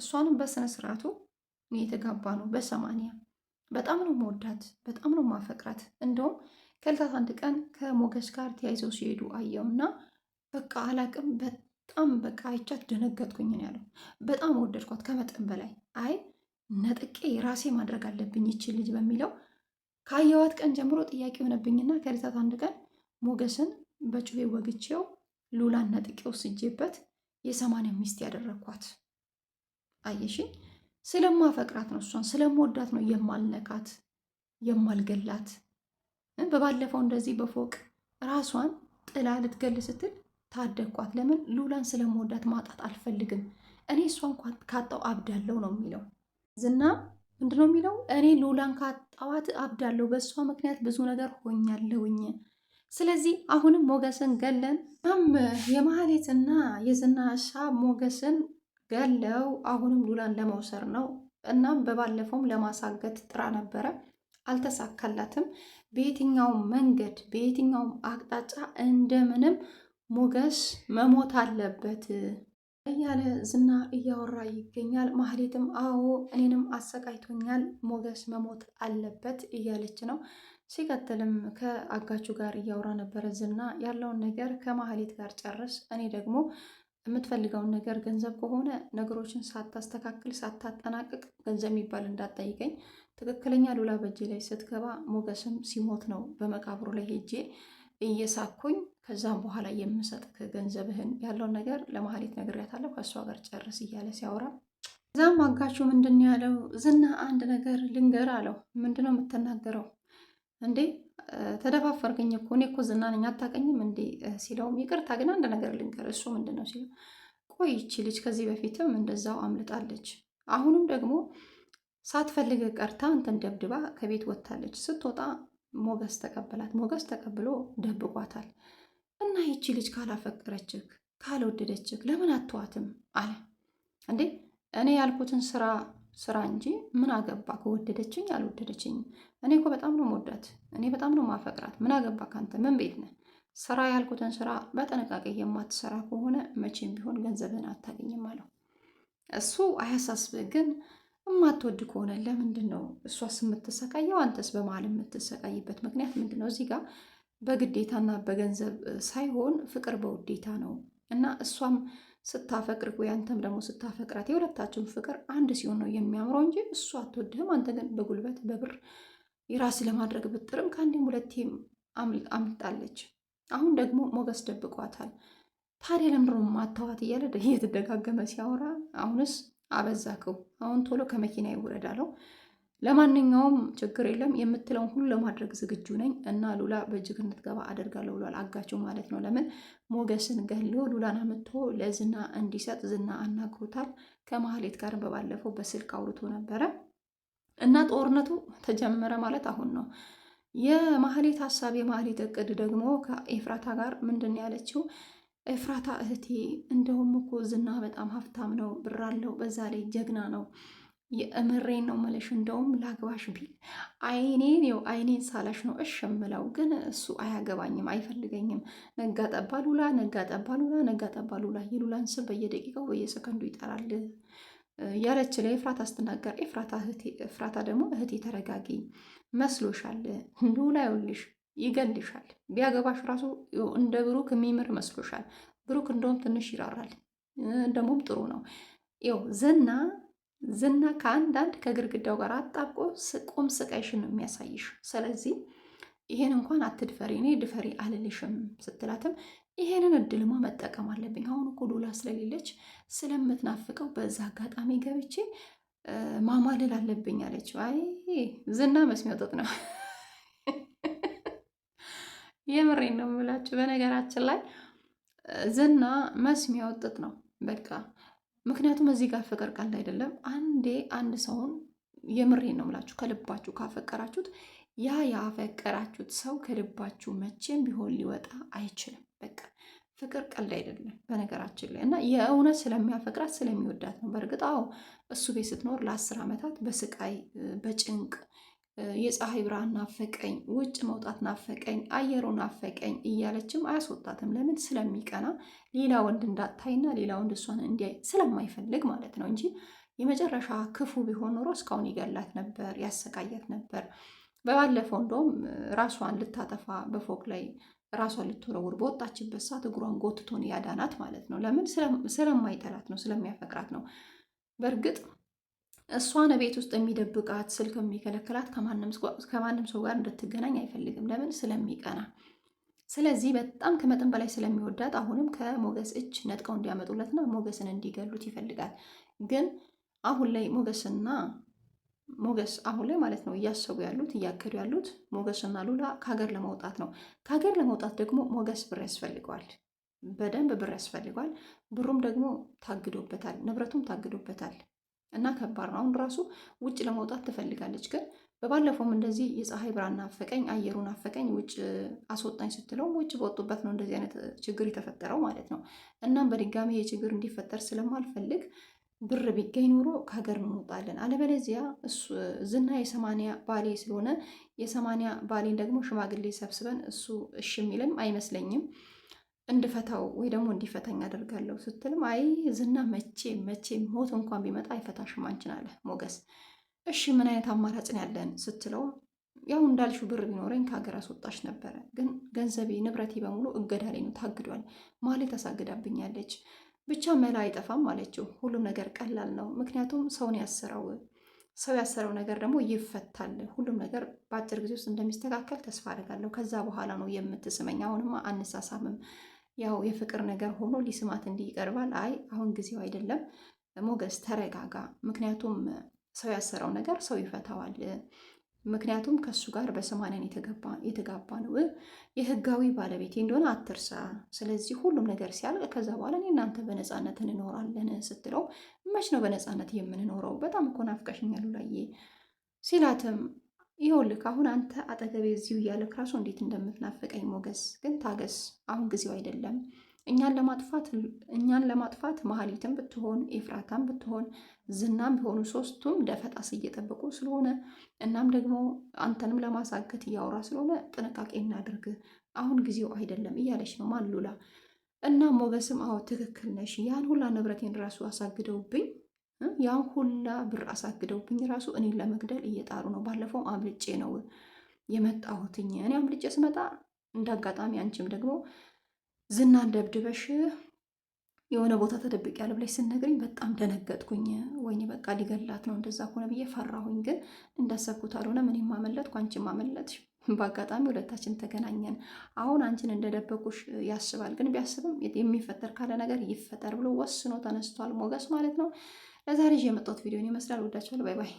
እሷንም በስነ ስርዓቱ የተጋባ ነው። በሰማንያ በጣም ነው መወዳት፣ በጣም ነው ማፈቅራት። እንደውም ከልታት አንድ ቀን ከሞገስ ጋር ተያይዘው ሲሄዱ አየውና በቃ አላቅም በጣም በቃ አይቻት ደነገጥኩኝ ነው ያለው። በጣም ወደድኳት ከመጠን በላይ አይ ነጥቄ ራሴ ማድረግ አለብኝ ይችል ልጅ በሚለው ካየዋት ቀን ጀምሮ ጥያቄ የሆነብኝና ከልታት አንድ ቀን ሞገስን በጩቤ ወግቼው ሉላን ነጥቄው ስጄበት የሰማንያ ሚስት ያደረግኳት አየሽኝ፣ ስለማፈቅራት ነው እሷን ስለምወዳት ነው የማልነካት የማልገላት። በባለፈው እንደዚህ በፎቅ ራሷን ጥላ ልትገል ስትል ታደግኳት። ለምን ሉላን ስለምወዳት ማጣት አልፈልግም። እኔ እሷን ካጣው አብዳለሁ ነው የሚለው ዝና። ምንድነው የሚለው? እኔ ሉላን ካጣዋት አብዳለሁ፣ በእሷ ምክንያት ብዙ ነገር ሆኛለሁኝ። ስለዚህ አሁንም ሞገስን ገለን ም የማህሌትና የዝናሻ ሞገስን ገለው አሁንም ሉላን ለመውሰር ነው። እናም በባለፈውም ለማሳገት ጥራ ነበረ፣ አልተሳካላትም። በየትኛውም መንገድ በየትኛውም አቅጣጫ እንደምንም ሞገስ መሞት አለበት እያለ ዝና እያወራ ይገኛል። ማህሌትም አዎ እኔንም አሰቃይቶኛል፣ ሞገስ መሞት አለበት እያለች ነው። ሲቀጥልም ከአጋቹ ጋር እያወራ ነበረ ዝና ያለውን ነገር ከማህሌት ጋር ጨርስ፣ እኔ ደግሞ የምትፈልገውን ነገር ገንዘብ ከሆነ ነገሮችን ሳታስተካክል ሳታጠናቅቅ ገንዘብ የሚባል እንዳጠይቀኝ። ትክክለኛ ሉላ በእጄ ላይ ስትገባ ሞገስም ሲሞት ነው በመቃብሩ ላይ ሄጄ እየሳኩኝ ከዛም በኋላ የምሰጥክ ገንዘብህን ያለውን ነገር ለመሀሌት ነግሬያታለሁ ከእሷ ጋር ጨርስ እያለ ሲያወራ እዛም አጋቹ ምንድን ያለው ዝና አንድ ነገር ልንገር አለው ምንድነው የምትናገረው እንዴ ተደፋፈርክኝ እኮ እኔ እኮ ዝና ነኝ አታውቅኝም እንዴ ሲለውም፣ ይቅርታ ግን አንድ ነገር ልንገር። እሱ ምንድን ነው ሲለው፣ ቆይ ይቺ ልጅ ከዚህ በፊትም እንደዛው አምልጣለች። አሁንም ደግሞ ሳትፈልግ ቀርታ እንተን ደብድባ ከቤት ወጥታለች። ስትወጣ ሞገስ ተቀበላት። ሞገስ ተቀብሎ ደብቋታል። እና ይቺ ልጅ ካላፈቀረችክ፣ ካልወደደችክ ለምን አትዋትም አለ። እንዴ እኔ ያልኩትን ስራ ስራ እንጂ ምን አገባ ከወደደችኝ ያልወደደችኝ? እኔ እኮ በጣም ነው መወዳት፣ እኔ በጣም ነው ማፈቅራት። ምን አገባ ከአንተ ምን ቤት ነህ? ስራ ያልኩትን ስራ በጥንቃቄ የማትሰራ ከሆነ መቼም ቢሆን ገንዘብን አታገኝም አለው። እሱ አያሳስብህ፣ ግን የማትወድ ከሆነ ለምንድን ነው እሷስ የምትሰቃየው? አንተስ በመሀል የምትሰቃይበት ምክንያት ምንድን ነው? እዚህ ጋር በግዴታና በገንዘብ ሳይሆን ፍቅር በውዴታ ነው እና እሷም ስታፈቅር ያንተም ደግሞ ስታፈቅራት የሁለታችሁን ፍቅር አንድ ሲሆን ነው የሚያምረው እንጂ እሱ አትወድህም። አንተ ግን በጉልበት በብር የራስ ለማድረግ ብጥርም ከአንዴም ሁለቴም አምልጣለች። አሁን ደግሞ ሞገስ ደብቋታል። ታዲያ ለምድሮ ማታዋት እያለ እየተደጋገመ ሲያወራ አሁንስ አበዛከው። አሁን ቶሎ ከመኪና ይውረዳለው ለማንኛውም ችግር የለም የምትለውን ሁሉ ለማድረግ ዝግጁ ነኝ እና ሉላ በእጅግ እንድትገባ አደርጋለሁ ብሏል። አጋቸው ማለት ነው። ለምን ሞገስን ገሎ ሉላን አምጥቶ ለዝና እንዲሰጥ ዝና አናግሮታል። ከማህሌት ጋር በባለፈው በስልክ አውርቶ ነበረ እና ጦርነቱ ተጀመረ ማለት አሁን ነው። የማህሌት ሀሳብ የማህሌት እቅድ ደግሞ ከኤፍራታ ጋር ምንድን ያለችው ኤፍራታ እህቴ፣ እንደውም እኮ ዝና በጣም ሀብታም ነው፣ ብር አለው፣ በዛ ላይ ጀግና ነው የእምሬን ነው መለሽ። እንደውም ላግባሽ ቢል አይኔን ው አይኔን ሳላሽ ነው እሽ የምለው፣ ግን እሱ አያገባኝም፣ አይፈልገኝም። ነጋ ጠባ ሉላ፣ ነጋ ጠባ ሉላ፣ ነጋ ጠባ ሉላ። የሉላን ስም በየደቂቃው በየሰከንዱ ይጠራል ያለች ለኤፍራታ ስትናገር፣ ኤፍራታ ደግሞ እህቴ ተረጋጊ፣ መስሎሻል ሉላ ይኸውልሽ፣ ይገልሻል። ቢያገባሽ ራሱ እንደ ብሩክ የሚምር መስሎሻል። ብሩክ እንደውም ትንሽ ይራራል፣ ደግሞም ጥሩ ነው ው ዝና ዝና ከአንዳንድ ከግርግዳው ጋር አጣብቆ ቁም ስቃይሽን ነው የሚያሳይሽ። ስለዚህ ይሄን እንኳን አትድፈሪ፣ እኔ ድፈሪ አልልሽም ስትላትም ይሄንን እድልማ መጠቀም አለብኝ፣ አሁን እኮ ስለሌለች ስለምትናፍቀው በዛ አጋጣሚ ገብቼ ማማለል አለብኝ አለች። አይ ዝና መስሚያው ጥጥ ነው። የምሬን ነው የምላችሁ። በነገራችን ላይ ዝና መስሚያው ጥጥ ነው በቃ ምክንያቱም እዚህ ጋር ፍቅር ቀልድ አይደለም። አንዴ አንድ ሰውን የምሬ ነው ምላችሁ ከልባችሁ ካፈቀራችሁት ያ ያፈቀራችሁት ሰው ከልባችሁ መቼም ቢሆን ሊወጣ አይችልም። በቃ ፍቅር ቀልድ አይደለም በነገራችን ላይ እና የእውነት ስለሚያፈቅራት ስለሚወዳት ነው። በእርግጥ አዎ እሱ ቤት ስትኖር ለአስር ዓመታት በስቃይ በጭንቅ የፀሐይ ብርሃን ናፈቀኝ፣ ውጭ መውጣት ናፈቀኝ፣ አየሩ ናፈቀኝ እያለችም አያስወጣትም። ለምን? ስለሚቀና ሌላ ወንድ እንዳታይና ሌላ ወንድ እሷን እንዲያይ ስለማይፈልግ ማለት ነው እንጂ የመጨረሻ ክፉ ቢሆን ኖሮ እስካሁን ይገላት ነበር፣ ያሰቃያት ነበር። በባለፈው እንደውም ራሷን ልታጠፋ በፎቅ ላይ ራሷን ልትወረውር በወጣችበት ሰዓት እግሯን ጎትቶን ያዳናት ማለት ነው። ለምን? ስለማይጠላት ነው፣ ስለሚያፈቅራት ነው። በእርግጥ እሷን ቤት ውስጥ የሚደብቃት ስልክ የሚከለክላት ከማንም ሰው ጋር እንድትገናኝ አይፈልግም። ለምን? ስለሚቀና። ስለዚህ በጣም ከመጠን በላይ ስለሚወዳት አሁንም ከሞገስ እጅ ነጥቀው እንዲያመጡለት ነው፣ ሞገስን እንዲገሉት ይፈልጋል። ግን አሁን ላይ ሞገስና ሞገስ አሁን ላይ ማለት ነው እያሰቡ ያሉት እያቀዱ ያሉት ሞገስና ሉላ ከሀገር ለመውጣት ነው። ከሀገር ለመውጣት ደግሞ ሞገስ ብር ያስፈልገዋል፣ በደንብ ብር ያስፈልገዋል። ብሩም ደግሞ ታግዶበታል፣ ንብረቱም ታግዶበታል። እና ከባድ ነው። አሁን ራሱ ውጭ ለመውጣት ትፈልጋለች፣ ግን በባለፈውም እንደዚህ የፀሐይ ብርሃን ናፈቀኝ፣ አየሩ ናፈቀኝ፣ ውጭ አስወጣኝ ስትለውም ውጭ በወጡበት ነው እንደዚህ አይነት ችግር የተፈጠረው ማለት ነው። እናም በድጋሚ ችግር እንዲፈጠር ስለማልፈልግ ብር ቢገኝ ኑሮ ከሀገር እንወጣለን፣ አለበለዚያ ዝና የሰማንያ ባሌ ስለሆነ የሰማንያ ባሌን ደግሞ ሽማግሌ ሰብስበን እሱ እሺ የሚልም አይመስለኝም እንድፈታው ወይ ደግሞ እንዲፈታኝ አደርጋለሁ ስትልም አይ ዝና መቼ መቼ ሞት እንኳን ቢመጣ አይፈታሽም አንቺን አለ ሞገስ። እሺ ምን አይነት አማራጭ ነው ያለን ስትለው ያው እንዳልሹ ብር ቢኖረኝ ከሀገር አስወጣሽ ነበረ፣ ግን ገንዘቤ ንብረቴ በሙሉ እገዳ ላይ ነው ታግዷል። ማሌ ታሳግዳብኛለች፣ ብቻ መላ አይጠፋም አለችው። ሁሉም ነገር ቀላል ነው፣ ምክንያቱም ሰውን ያሰረው ሰው ያሰረው ነገር ደግሞ ይፈታል። ሁሉም ነገር በአጭር ጊዜ ውስጥ እንደሚስተካከል ተስፋ አድርጋለሁ። ከዛ በኋላ ነው የምትስመኝ። አሁንማ አንሳሳምም ያው የፍቅር ነገር ሆኖ ሊስማት እንዲህ ይቀርባል። አይ አሁን ጊዜው አይደለም ሞገስ ተረጋጋ፣ ምክንያቱም ሰው ያሰረው ነገር ሰው ይፈታዋል። ምክንያቱም ከእሱ ጋር በሰማንያን የተጋባ ነው የህጋዊ ባለቤቴ እንደሆነ አትርሳ። ስለዚህ ሁሉም ነገር ሲያልቅ ከዛ በኋላ እኔ እናንተ በነፃነት እንኖራለን ስትለው መች ነው በነፃነት የምንኖረው? በጣም እኮ ናፍቀሽኛል ላዬ ሲላትም ይኸውልህ አሁን አንተ አጠገቤ እዚሁ እያለ ራሱ እንዴት እንደምትናፍቀኝ ሞገስ፣ ግን ታገስ፣ አሁን ጊዜው አይደለም። እኛን ለማጥፋት እኛን ለማጥፋት መሀሊትም ብትሆን ኤፍራታም ብትሆን ዝናም ቢሆኑ ሶስቱም ደፈጣስ እየጠበቁ ስለሆነ እናም ደግሞ አንተንም ለማሳገት እያወራ ስለሆነ ጥንቃቄ እናድርግ፣ አሁን ጊዜው አይደለም እያለች ነው ማሉላ። እና ሞገስም አዎ ትክክል ነሽ፣ ያን ሁላ ንብረቴን ራሱ አሳግደውብኝ ያን ሁላ ብር አሳግደውብኝ ራሱ እኔን ለመግደል እየጣሩ ነው። ባለፈው አብልጬ ነው የመጣሁትኝ። እኔ አብልጬ ስመጣ እንደ አጋጣሚ አንቺም ደግሞ ዝናን ደብድበሽ የሆነ ቦታ ያለ ብለሽ ስነግርኝ በጣም ደነገጥኩኝ። ወይ በቃ ሊገላት ነው እንደዛ ከሆነ ብዬ ፈራሁኝ። ግን እንዳሰብኩት አልሆነም። እኔም አመለጥኩ፣ አንቺም አመለጥሽ። በአጋጣሚ ሁለታችን ተገናኘን። አሁን አንቺን እንደደበቁሽ ያስባል። ግን ቢያስብም የሚፈጠር ካለ ነገር ይፈጠር ብሎ ወስኖ ተነስቷል ሞገስ ማለት ነው። ለዛሬ ይዤ የመጣሁት ቪዲዮን ይመስላል። ወዳችኋል። ባይ ባይ።